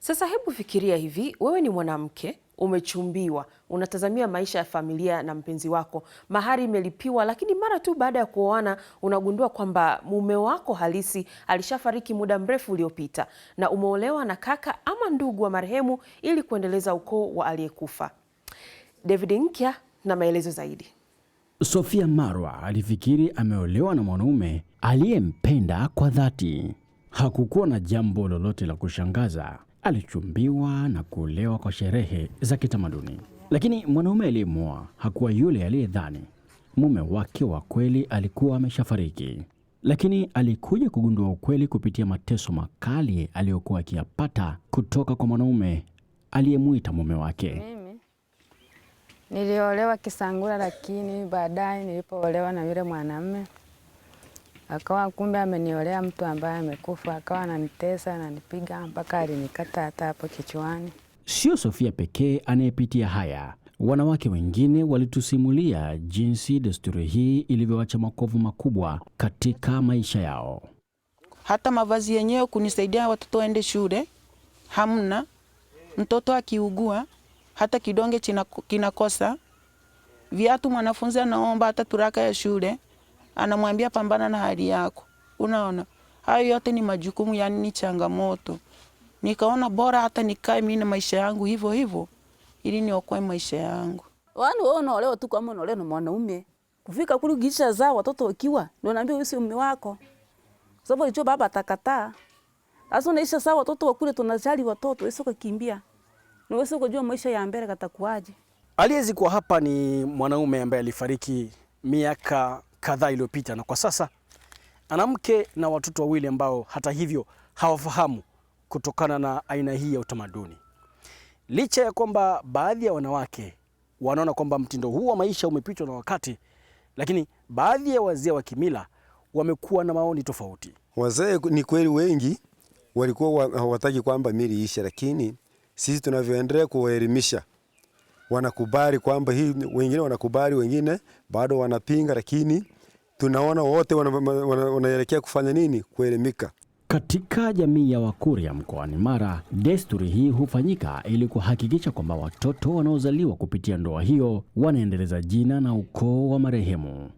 Sasa hebu fikiria hivi, wewe ni mwanamke umechumbiwa, unatazamia maisha ya familia na mpenzi wako, mahari imelipiwa, lakini mara tu baada ya kuoana unagundua kwamba mume wako halisi alishafariki muda mrefu uliopita na umeolewa na kaka ama ndugu wa marehemu ili kuendeleza ukoo wa aliyekufa. David Nkya na maelezo zaidi. Sofia Marwa alifikiri ameolewa na mwanaume aliyempenda kwa dhati. Hakukuwa na jambo lolote la kushangaza alichumbiwa na kuolewa kwa sherehe za kitamaduni, lakini mwanaume aliyemuoa hakuwa yule aliyedhani mume wake wa kweli alikuwa ameshafariki, lakini alikuja kugundua ukweli kupitia mateso makali aliyokuwa akiyapata kutoka kwa mwanaume aliyemuita mume wake. Mimi niliolewa Kisangura, lakini baadaye nilipoolewa na yule mwanamume akawa kumbe ameniolea mtu ambaye amekufa, akawa ananitesa ananipiga mpaka alinikata hata hapo kichwani. Sio Sofia pekee anayepitia haya. Wanawake wengine walitusimulia jinsi desturi hii ilivyoacha makovu makubwa katika maisha yao. Hata mavazi yenyewe kunisaidia watoto waende shule hamna. Mtoto akiugua hata kidonge kinakosa Viatu mwanafunzi anaomba hata turaka ya shule anamwambia pambana na hali yako. Unaona, hayo yote ni majukumu, yani ni changamoto. Nikaona bora hata nikae mimi na maisha yangu hivyo hivyo, ili niokoe maisha yangu. Wale wao unaolewa tu kama unaolewa na mwanaume, kufika kule gisha za watoto ikiwa ndio naambia wewe si mume wako, sababu alicho baba atakataa. Sasa unaisha sawa, watoto wakule, tunazali watoto, wewe sio kimbia, ni wewe jua maisha ya mbele katakuaje. Aliyezikwa hapa ni mwanaume ambaye alifariki miaka kadhaa iliyopita, na kwa sasa ana mke na watoto wawili ambao hata hivyo hawafahamu kutokana na aina hii ya utamaduni, licha ya kwamba baadhi ya wanawake wanaona kwamba mtindo huu wa maisha umepitwa na wakati, lakini baadhi ya wazee wa kimila wamekuwa na maoni tofauti. Wazee ni kweli wengi walikuwa hawataki kwamba mili ishe, lakini sisi tunavyoendelea kuwaelimisha wanakubali kwamba hii, wengine wanakubali, wengine bado wanapinga, lakini tunaona wote wanaelekea kufanya nini? Kuelimika. Katika jamii ya Wakuria mkoani Mara, desturi hii hufanyika ili kuhakikisha kwamba watoto wanaozaliwa kupitia ndoa hiyo wanaendeleza jina na ukoo wa marehemu.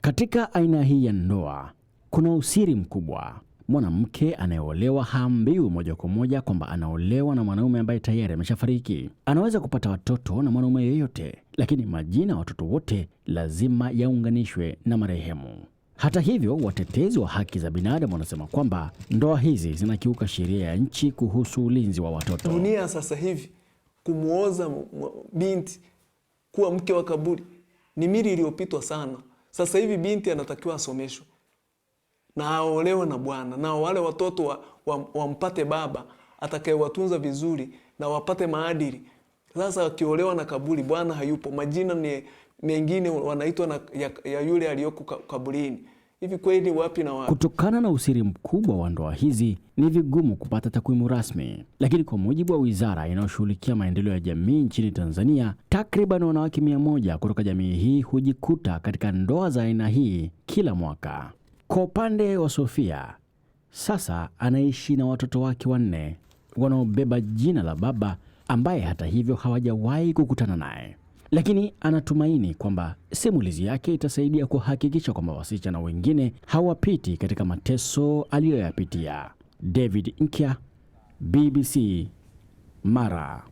Katika aina hii ya ndoa kuna usiri mkubwa mwanamke anayeolewa haambiwi moja kwa moja kwamba anaolewa na mwanaume ambaye tayari ameshafariki. Anaweza kupata watoto na mwanaume yeyote, lakini majina ya watoto wote lazima yaunganishwe na marehemu. Hata hivyo, watetezi wa haki za binadamu wanasema kwamba ndoa hizi zinakiuka sheria ya nchi kuhusu ulinzi wa watoto. Dunia sasa hivi kumwoza binti kuwa mke wa kaburi ni mili iliyopitwa sana. Sasa hivi binti anatakiwa asomeshwe na aolewe na Bwana, na wale watoto wampate wa, wa baba atakayewatunza vizuri na wapate maadili. Sasa wakiolewa na kaburi, Bwana hayupo, majina ni mengine wanaitwa na, ya, ya yule aliyoko kaburini. Hivi kweli wapi na wapi? Kutokana na usiri mkubwa wa ndoa hizi ni vigumu kupata takwimu rasmi, lakini kwa mujibu wa wizara inayoshughulikia maendeleo ya jamii nchini Tanzania, takriban wanawake mia moja kutoka jamii hii hujikuta katika ndoa za aina hii kila mwaka. Kwa upande wa Sofia, sasa anaishi na watoto wake wanne wanaobeba jina la baba ambaye hata hivyo hawajawahi kukutana naye, lakini anatumaini kwamba simulizi yake itasaidia kuhakikisha kwamba wasichana wengine hawapiti katika mateso aliyoyapitia. David Nkya, BBC Mara.